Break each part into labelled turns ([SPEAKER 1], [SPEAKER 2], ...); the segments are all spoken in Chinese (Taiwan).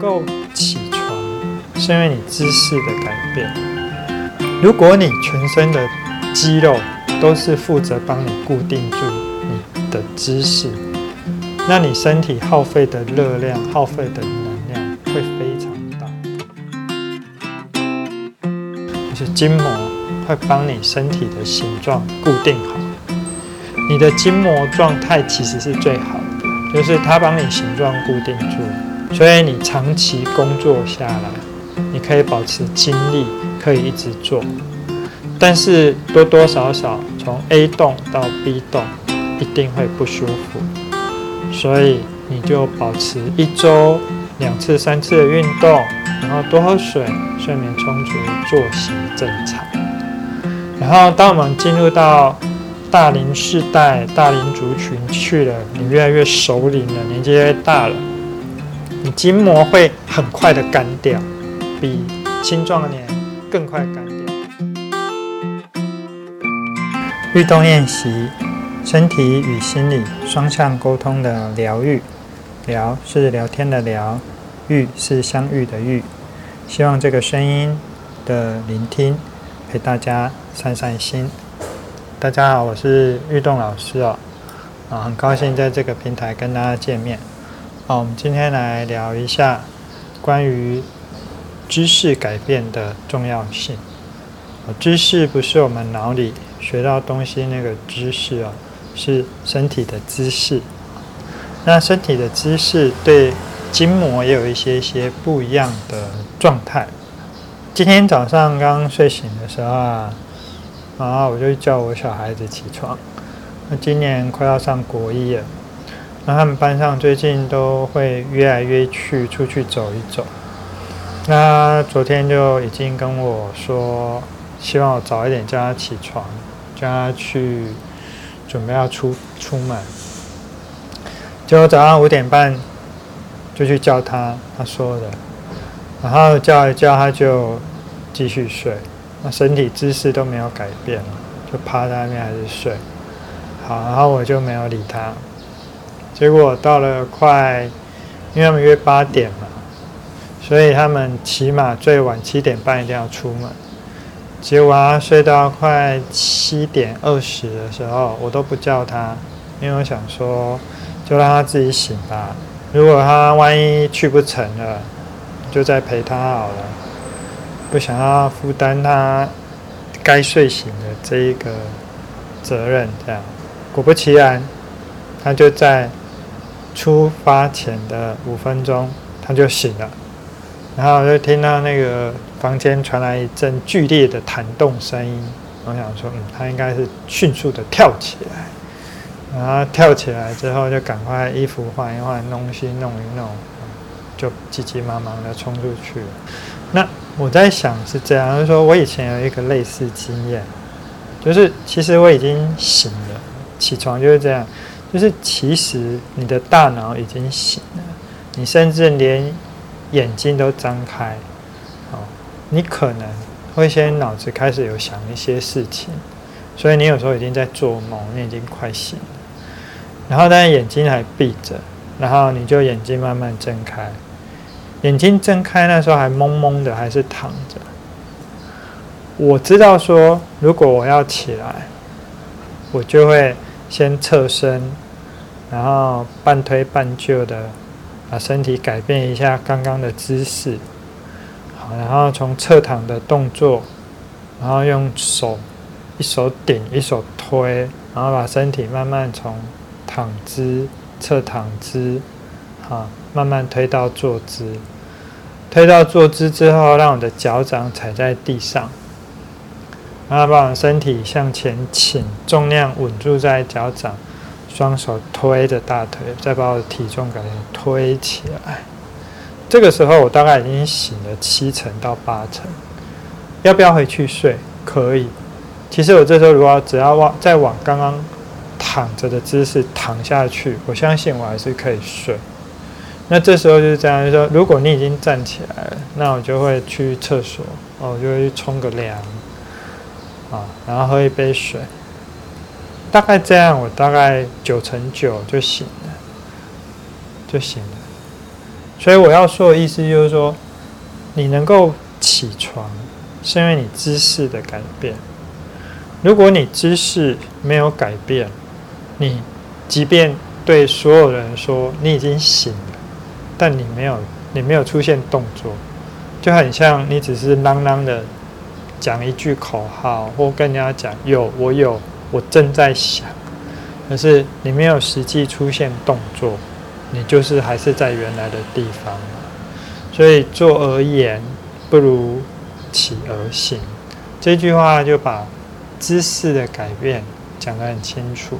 [SPEAKER 1] 夠起床，是因為你姿勢的改變。如果你全身的肌肉都是負責幫你固定住你的姿勢，那你身體耗費的熱量、耗費的能量會非常大。就是筋膜會幫你身體的形狀固定好，你的筋膜狀態其實是最好的，就是它幫你形狀固定住。所以你長期工作下來，你可以保持精力，可以一直做，但是多多少少從 A 棟到 B 棟一定會不舒服。所以你就保持一周兩次、三次的運動，然後多喝水，睡眠充足，作息正常。然後當我們進入到大齡世代、大齡族群去了，你越來越熟齡了，年紀越大了。你筋膜會很快的乾掉，比青壯年更快乾掉。遇動練習身體與心理雙向溝通的療癒，療是聊天的聊，癒是相遇的愈。希望這個聲音的聆聽陪大家散散心。大家好，我是遇動老師哦，啊，很高興在這個平台跟大家見面。好，我們今天來聊一下關於姿勢改變的重要性。姿勢不是我們腦裡學到東西那個姿勢啊，是身體的姿勢。那身體的姿勢對筋膜也有一些一些不一樣的狀態。今天早上剛剛睡醒的時候啊，然後我就叫我小孩子起床，那今年快要上國一了。那他們班上最近都會約來約去，出去走一走。那昨天就已經跟我說，希望我早一點叫他起床，叫他去準備要出出門。就早上五點半就去叫他，他說的。然後叫一叫他就繼續睡，那身體姿勢都沒有改變，就趴在那邊還是睡。好，然後我就沒有理他。結果到了快，因為他們約八點嘛，所以他們起碼最晚七點半一定要出門。結果他睡到快七點二十的時候，我都不叫他，因為我想說，就讓他自己醒吧。如果他萬一去不成了，就再陪他好了。不想要負擔他該睡醒的這一個責任。這樣，果不其然，他就在。出發前的五分鐘，他就醒了，然後就聽到那個房間傳來一陣劇烈的彈動聲音。我想說，嗯，他應該是迅速的跳起來，然後跳起來之後就趕快衣服換一換，東西弄一弄，就急急忙忙的衝出去了。那我在想是這樣，就是說我以前有一個類似經驗，就是其實我已經醒了，起床就是這樣。就是其實你的大腦已經醒了，你甚至連眼睛都張開，好，你可能會先腦子開始有想一些事情，所以你有時候已經在做夢，你已經快醒了，然後但是眼睛還閉着，然後你就眼睛慢慢睜開，眼睛睜開那時候還蒙蒙的，還是躺着。我知道說如果我要起來，我就會。先側身，然後半推半就的把身體改變一下剛剛的姿勢，好，然後從側躺的動作，然後用手一手頂一手推，然後把身體慢慢從躺姿、側躺姿，啊，慢慢推到坐姿，推到坐姿之後，讓我的腳掌踩在地上。然後把身體向前傾，重量穩住在腳掌，雙手推着大腿，再把我的體重給推起來。這個時候我大概已經醒了七成到八成，要不要回去睡？可以。其實我這時候如果只要往再往剛剛躺着的姿勢躺下去，我相信我還是可以睡。那這時候就是這樣，就是說，如果你已經站起來了，那我就會去廁所，哦，我就會去沖個涼。啊，然後喝一杯水，大概這樣，我大概九成九就醒了，就醒了。所以我要說的意思就是說，你能夠起床，是因為你姿勢的改變。如果你姿勢沒有改變，你即便對所有人說你已經醒了，但你沒有，你沒有出現動作，就很像你只是囔囔的。講一句口號，或跟人家講“有我有”，我正在想，可是你沒有實際出現動作，你就是還是在原來的地方。所以坐而言不如起而行，這句話就把姿勢的改變講得很清楚。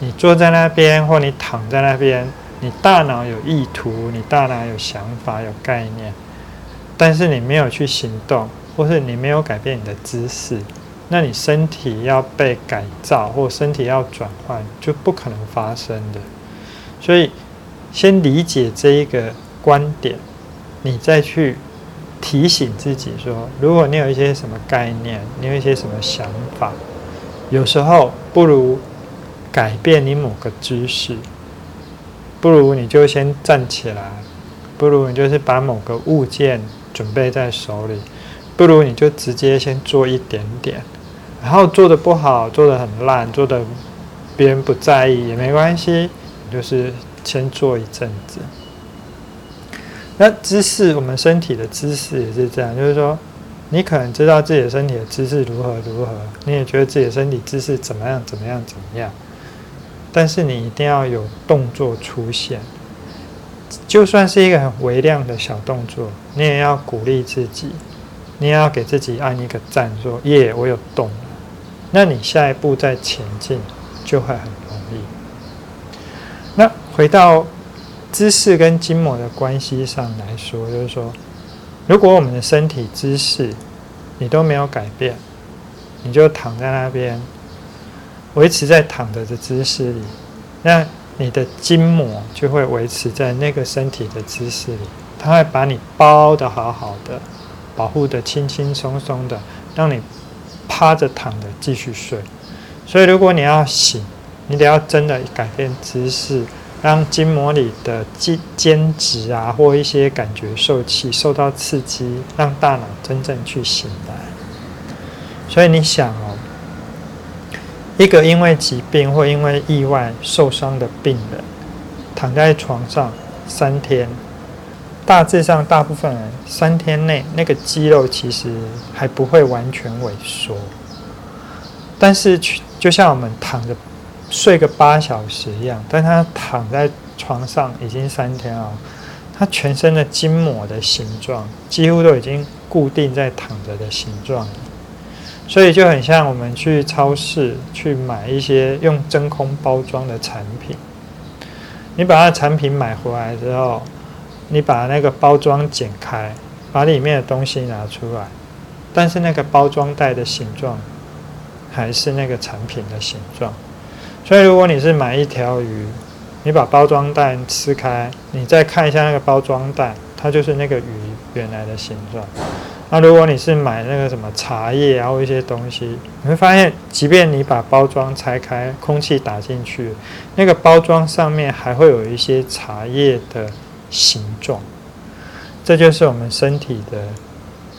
[SPEAKER 1] 你坐在那邊，或你躺在那邊，你大腦有意圖，你大腦有想法、有概念，但是你沒有去行動。或是你沒有改變你的姿勢，那你身體要被改造，或身體要轉換就不可能發生的。所以，先理解這一個觀點，你再去提醒自己說，如果你有一些什麼概念，你有一些什麼想法，有時候不如改變你某個姿勢，不如你就先站起來，不如你就是把某個物件準備在手裡。不如你就直接先做一點點，然後做的不好，做的很爛，做的別人不在意也沒關係，你就是先做一陣子。那姿勢，我們身體的姿勢也是這樣，就是說，你可能知道自己的身體的姿勢如何如何，你也覺得自己的身體姿勢怎麼樣怎麼樣怎麼樣，但是你一定要有動作出現，就算是一個很微量的小動作，你也要鼓勵自己。你要給自己按一個讚，說耶，yeah，我有動了。那你下一步再前進就會很容易。那回到姿勢跟筋膜的關係上來說，就是說，如果我們的身體姿勢你都沒有改變，你就躺在那邊，維持在躺着的姿勢裡，那你的筋膜就會維持在那個身體的姿勢裡，它會把你包得好好的。保護的輕輕鬆鬆的，讓你趴着躺着繼續睡。所以，如果你要醒，你得要真的改變姿勢，讓筋膜裡的肌間質啊，或一些感覺受器，受到刺激，讓大腦真正去醒來。所以你想哦，一個因為疾病或因為意外受傷的病人，躺在床上三天。大致上，大部分人三天內那個肌肉，其實還不會完全萎縮，但是就像我們躺着睡個八小時一樣，但他躺在床上已經三天了，他全身的筋膜的形狀幾乎都已經固定在躺着的形狀了，所以就很像我們去超市去買一些用真空包裝的產品，你把它產品買回來之後。你把那個包裝剪開，把裡面的東西拿出來，但是那個包裝袋的形狀還是那個產品的形狀。所以，如果你是買一條魚，你把包裝袋撕開，你再看一下那個包裝袋，它就是那個魚原來的形狀。那如果你是買那個什麼茶葉，啊，或一些東西，你會發現，即便你把包裝拆開，空氣打進去，那個包裝上面還會有一些茶葉的。形狀，這就是我們身體的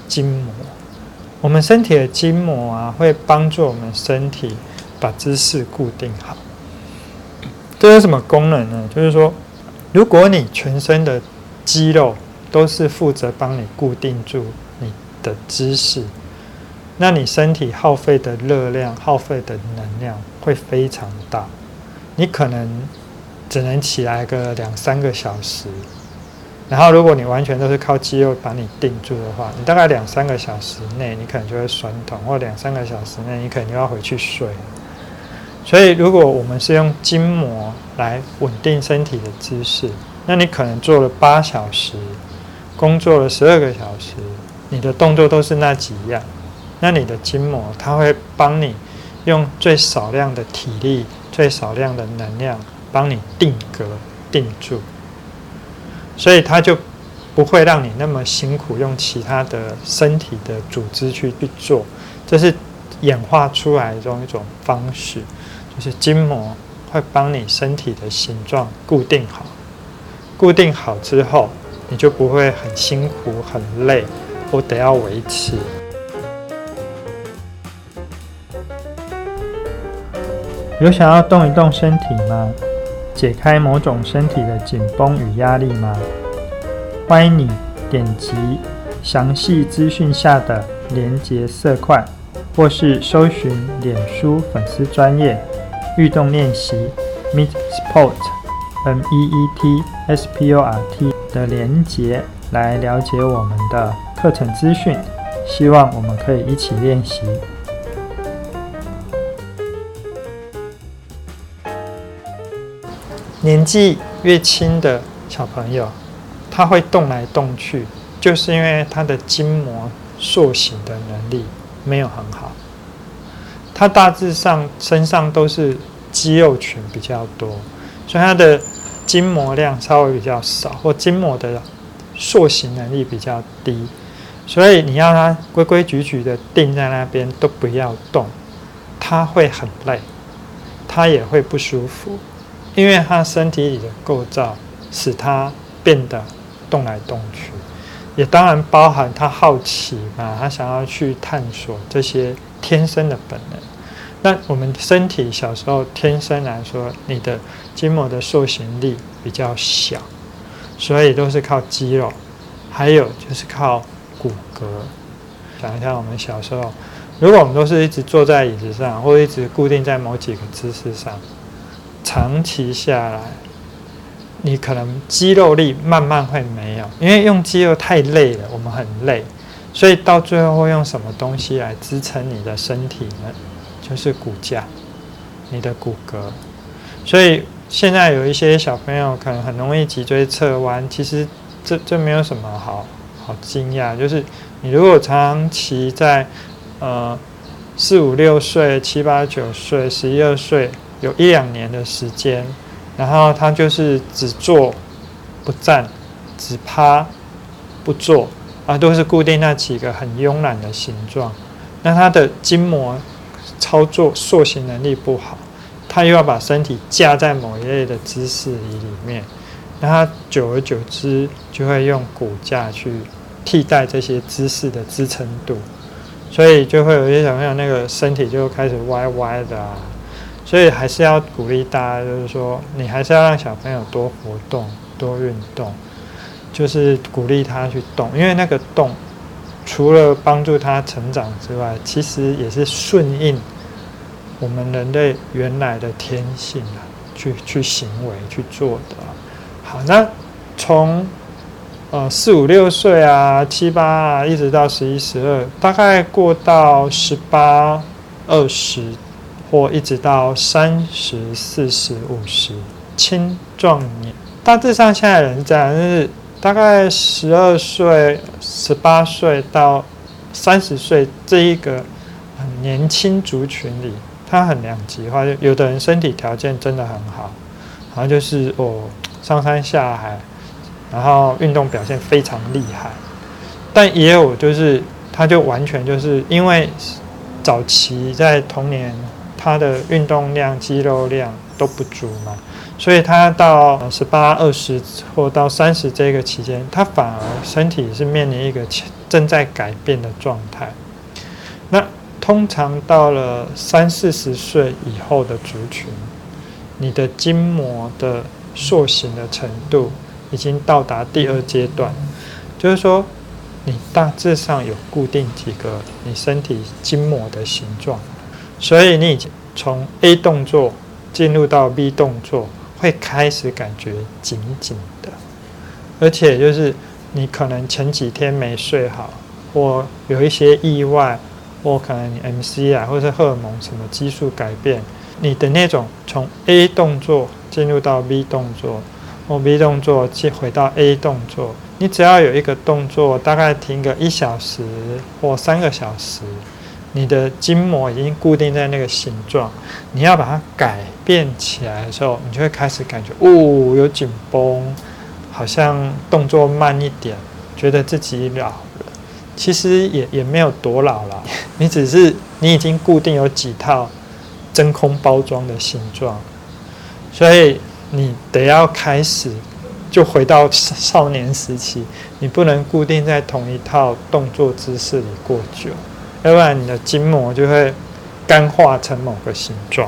[SPEAKER 1] 筋膜。我們身體的筋膜啊，會幫助我們身體把姿勢固定好。這有什麼功能呢？就是說，如果你全身的肌肉都是負責幫你固定住你的姿勢，那你身體耗費的熱量、耗費的能量會非常大。你可能只能起來個兩三個小時。然後，如果你完全都是靠肌肉把你定住的話，你大概兩三個小時內，你可能就會痠痛，或兩三個小時內，你可能就要回去睡。所以，如果我們是用筋膜來穩定身體的姿勢，那你可能做了八小時，工作了十二個小時，你的動作都是那幾樣，那你的筋膜它會幫你用最少量的體力、最少量的能量，幫你定格、定住。所以它就不會讓你那麼辛苦，用其他的身體的組織去去做，這是演化出來的這種，一種方式，就是筋膜會幫你身體的形狀固定好，固定好之後，你就不會很辛苦、很累，我得要維持。有想要動一動身體嗎？解開某種身體的緊繃與壓力嗎？歡迎你點擊詳細資訊下的連接色塊，或是搜尋臉書粉絲專業遇動練習 Meet Sport M E E T S P O R T 的連接來了解我們的課程資訊。希望我們可以一起練習。年紀越輕的小朋友，他會動來動去，就是因為他的筋膜塑形的能力沒有很好。他大致上身上都是肌肉群比較多，所以他的筋膜量稍微比較少，或筋膜的塑形能力比較低。所以你要他規規矩矩的定在那邊都不要動，他會很累，他也會不舒服。因為他身體裡的構造使他變得動來動去，也當然包含他好奇嘛，他想要去探索這些天生的本能。那我們身體小時候天生來說，你的筋膜的塑形力比較小，所以都是靠肌肉，還有就是靠骨骼。想一下，我們小時候，如果我們都是一直坐在椅子上，或一直固定在某幾個姿勢上。長期下來，你可能肌肉力慢慢會沒有，因為用肌肉太累了，我們很累，所以到最後會用什麼東西來支撐你的身體呢？就是骨架，你的骨骼。所以現在有一些小朋友可能很容易脊椎側彎，其實這這沒有什麼好好驚訝，就是你如果長期在呃四五六歲、七八九歲、十一二歲。有一兩年的時間，然後他就是只坐不站，只趴不坐啊，都是固定那幾個很慵懶的形狀。那他的筋膜操作塑形能力不好，他又要把身體架在某一類的姿勢椅裡面，那他久而久之就會用骨架去替代這些姿勢的支撐度，所以就會有一些小朋友那個身體就開始歪歪的啊。所以還是要鼓勵大家，就是說，你還是要讓小朋友多活動、多運動，就是鼓勵他去動。因為那個動，除了幫助他成長之外，其實也是順應我們人類原來的天性啊，去去行為去做的啊。好，那從呃四五六歲啊、七八啊，一直到十一十二，大概過到十八、二十。或一直到三十四十五十，青壯年，大致上現在人這樣，就是大概十二歲、十八歲到三十歲這一個很年輕族群裡，他很兩極化，就有的人身體條件真的很好，然後就是我、哦、上山下海，然後運動表現非常厲害，但也有就是他就完全就是因為早期在童年。他的運動量、肌肉量都不足嘛，所以他到十八、二十或到三十這個期間，他反而身體是面臨一個正在改變的狀態。那通常到了三四十歲以後的族群，你的筋膜的塑形的程度已經到達第二階段，就是說你大致上有固定幾個你身體筋膜的形狀。所以你從 A 動作進入到 B 動作，會開始感覺緊緊的，而且就是你可能前幾天沒睡好，或有一些意外，或可能你 MC 啊，或者是荷爾蒙什麼激素改變，你的那種從 A 動作進入到 B 動作，或 B 動作即回到 A 動作，你只要有一個動作大概停個一小時或三個小時。你的筋膜已經固定在那個形狀，你要把它改變起來的時候，你就會開始感覺，哦，有緊繃，好像動作慢一點，覺得自己老了。其實也也沒有多老了，你只是你已經固定有幾套真空包裝的形狀，所以你得要開始就回到少年時期，你不能固定在同一套動作姿勢裡過久。要不然你的筋膜就會乾化成某個形狀，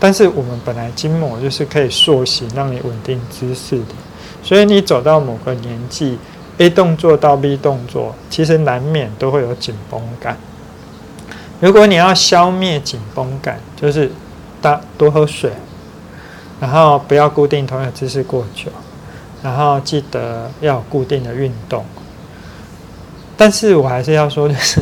[SPEAKER 1] 但是我們本來筋膜就是可以塑形，讓你穩定姿勢的。所以你走到某個年紀，A 動作到 B 動作，其實難免都會有緊繃感。如果你要消滅緊繃感，就是多多喝水，然後不要固定同樣的姿勢過久，然後記得要有固定的運動。但是我還是要說，就是。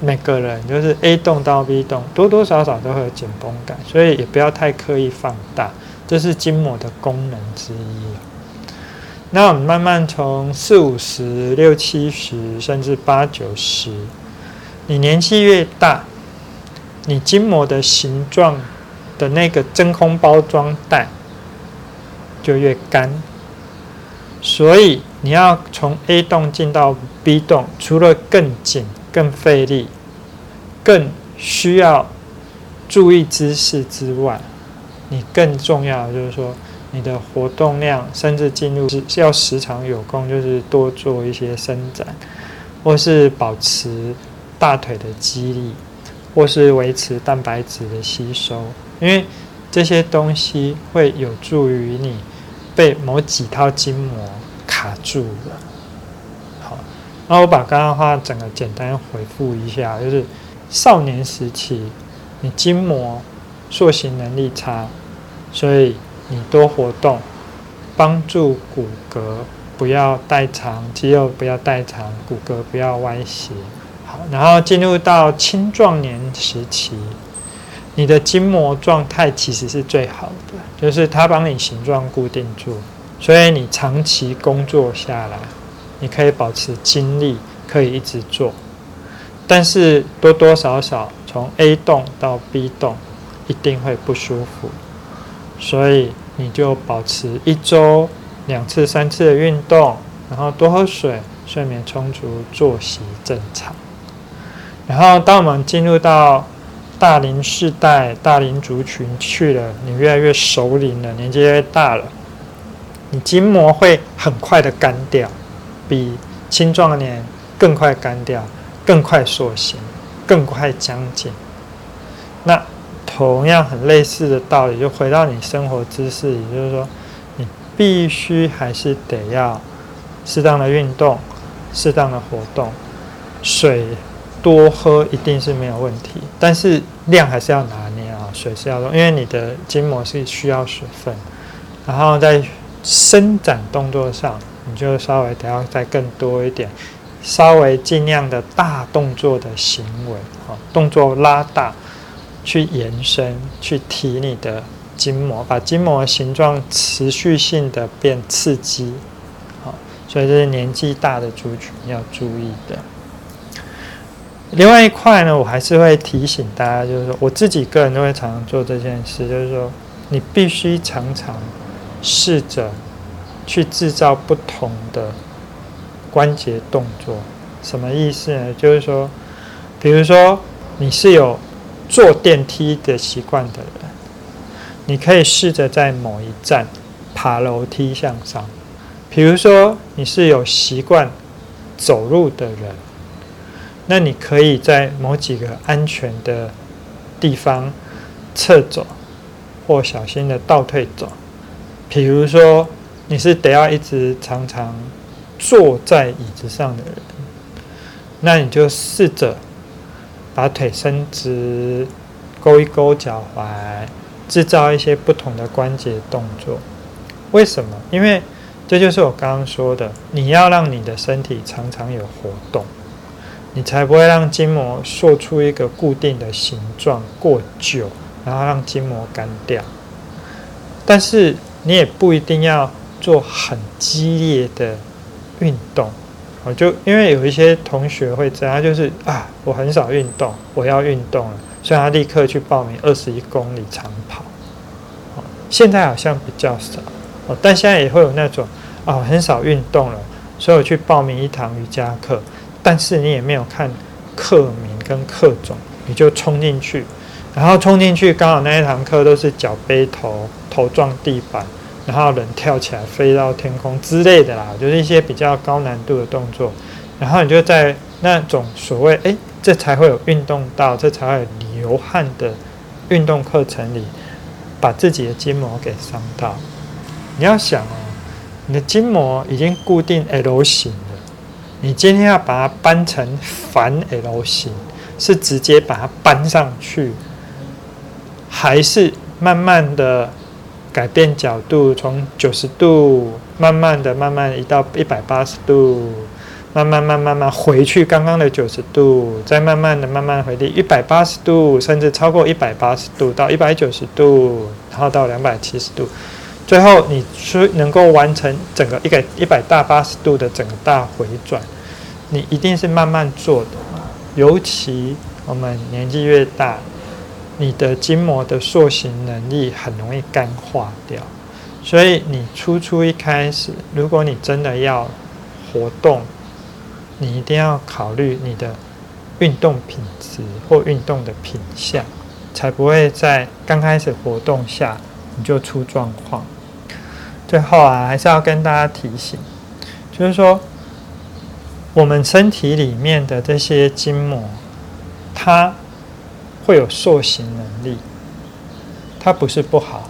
[SPEAKER 1] 每個人就是 A 動到 B 動，多多少少都會有緊繃感，所以也不要太刻意放大，這是筋膜的功能之一。那我們慢慢從四五十、六七十，甚至八九十，你年紀越大，你筋膜的形狀的那個真空包裝袋就越乾，所以你要從 A 動進到 B 動，除了更緊。更費力，更需要注意姿勢之外，你更重要的就是說，你的活動量甚至進入是要時常有空，就是多做一些伸展，或是保持大腿的肌力，或是維持蛋白質的吸收，因為這些東西會有助於你被某幾套筋膜卡住了。那我把剛剛的話整個簡單回復一下，就是少年時期，你筋膜塑形能力差，所以你多活動，幫助骨骼不要代償，肌肉不要代償，骨骼不要歪斜。好，然後進入到青壯年時期，你的筋膜狀態其實是最好的，就是它幫你形狀固定住，所以你長期工作下來。你可以保持精力，可以一直做，但是多多少少從 A 動到 B 動一定會不舒服。所以你就保持一周兩次、三次的運動，然後多喝水，睡眠充足，作息正常。然後當我們進入到大齡世代、大齡族群去了，你越來越熟齡了，年紀越大了，你筋膜會很快的乾掉。比青壯年更快乾掉，更快塑形，更快僵緊。那同樣很類似的道理，就回到你生活姿勢，也就是說，你必須還是得要適當的運動，適當的活動，水多喝一定是沒有問題，但是量還是要拿捏啊，水是要多，因為你的筋膜是需要水分。然後在伸展動作上。你就稍微等一下再更多一點，稍微盡量的大動作的行為，哈，動作拉大，去延伸，去提你的筋膜，把筋膜形狀持續性的變刺激，好，所以這是年紀大的族群要注意的。另外一塊呢，我還是會提醒大家，就是說我自己個人都會常常做這件事，就是說你必須常常試着。去製造不同的關節動作，什麼意思呢？就是說，比如說你是有坐電梯的習慣的人，你可以試着在某一站爬樓梯向上，比如說你是有習慣走路的人，那你可以在某幾個安全的地方側走，或小心的倒退走。比如說。你是得要一直常常坐在椅子上的人，那你就試着把腿伸直，勾一勾腳踝，製造一些不同的關節動作。為什麼？因為這就是我剛剛說的，你要讓你的身體常常有活動，你才不會讓筋膜塑出一個固定的形狀過久，然後讓筋膜乾掉。但是你也不一定要。做很激烈的運動，我就因為有一些同學會這樣，就是啊，我很少運動，我要運動了，所以他立刻去報名二十一公里長跑。現在好像比較少，但現在也會有那種啊，很少運動了，所以我去報名一堂瑜伽課。但是你也沒有看課名跟課種，你就衝進去，然後衝進去剛好那一堂課都是腳背頭頭撞地板。然後人跳起來飛到天空之類的啦，就是一些比較高難度的動作。然後你就在那種所謂“哎，這才會有運動到，這才會有流汗”的運動課程裡，把自己的筋膜給傷到。你要想哦，你的筋膜已經固定 L 型了，你今天要把它扳成反 L 型，是直接把它扳上去，還是慢慢的？改變角度，從九十度慢慢的、慢慢移到一百八十度，慢慢、慢、慢慢回去剛剛的九十度，再慢慢的、慢慢回到一百八十度，甚至超過一百八十度到一百九十度，然後到兩百七十度，最後你雖能夠完成整個一個一百大八十度的整個大回轉，你一定是慢慢做的，尤其我們年紀越大。你的筋膜的塑形能力很容易乾化掉，所以你初初一開始，如果你真的要活動，你一定要考慮你的運動品質或運動的品相，才不會在剛開始活動下你就出狀況。最後啊，還是要跟大家提醒，就是說我們身體裡面的這些筋膜，它。會有塑形能力，它不是不好，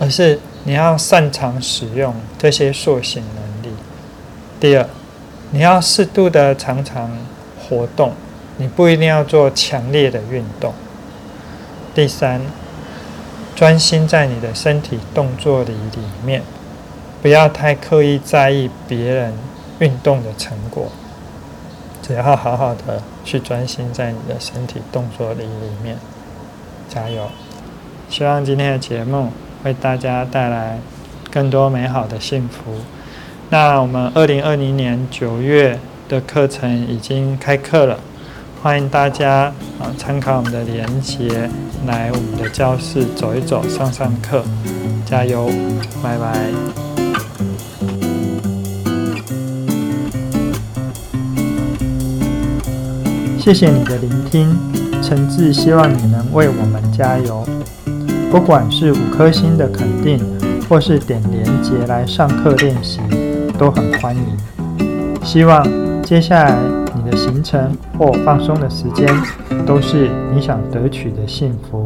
[SPEAKER 1] 而是你要擅長使用這些塑形能力。第二，你要適度的常常活動，你不一定要做強烈的運動。第三，專心在你的身體動作裡裡面，不要太刻意在意別人運動的成果。也要好好的去專心在你的身體動作裡裡面，加油！希望今天的節目為大家帶來更多美好的幸福。那我們二零二零年九月的課程已經開課了，歡迎大家啊參考我們的連結來我們的教室走一走、上上課，加油！拜拜。謝謝你的聆聽，誠摯希望你能為我們加油。不管是五顆星的肯定，或是點連結來上課練習，都很歡迎。希望接下來你的行程或放鬆的時間，都是你想得取的幸福。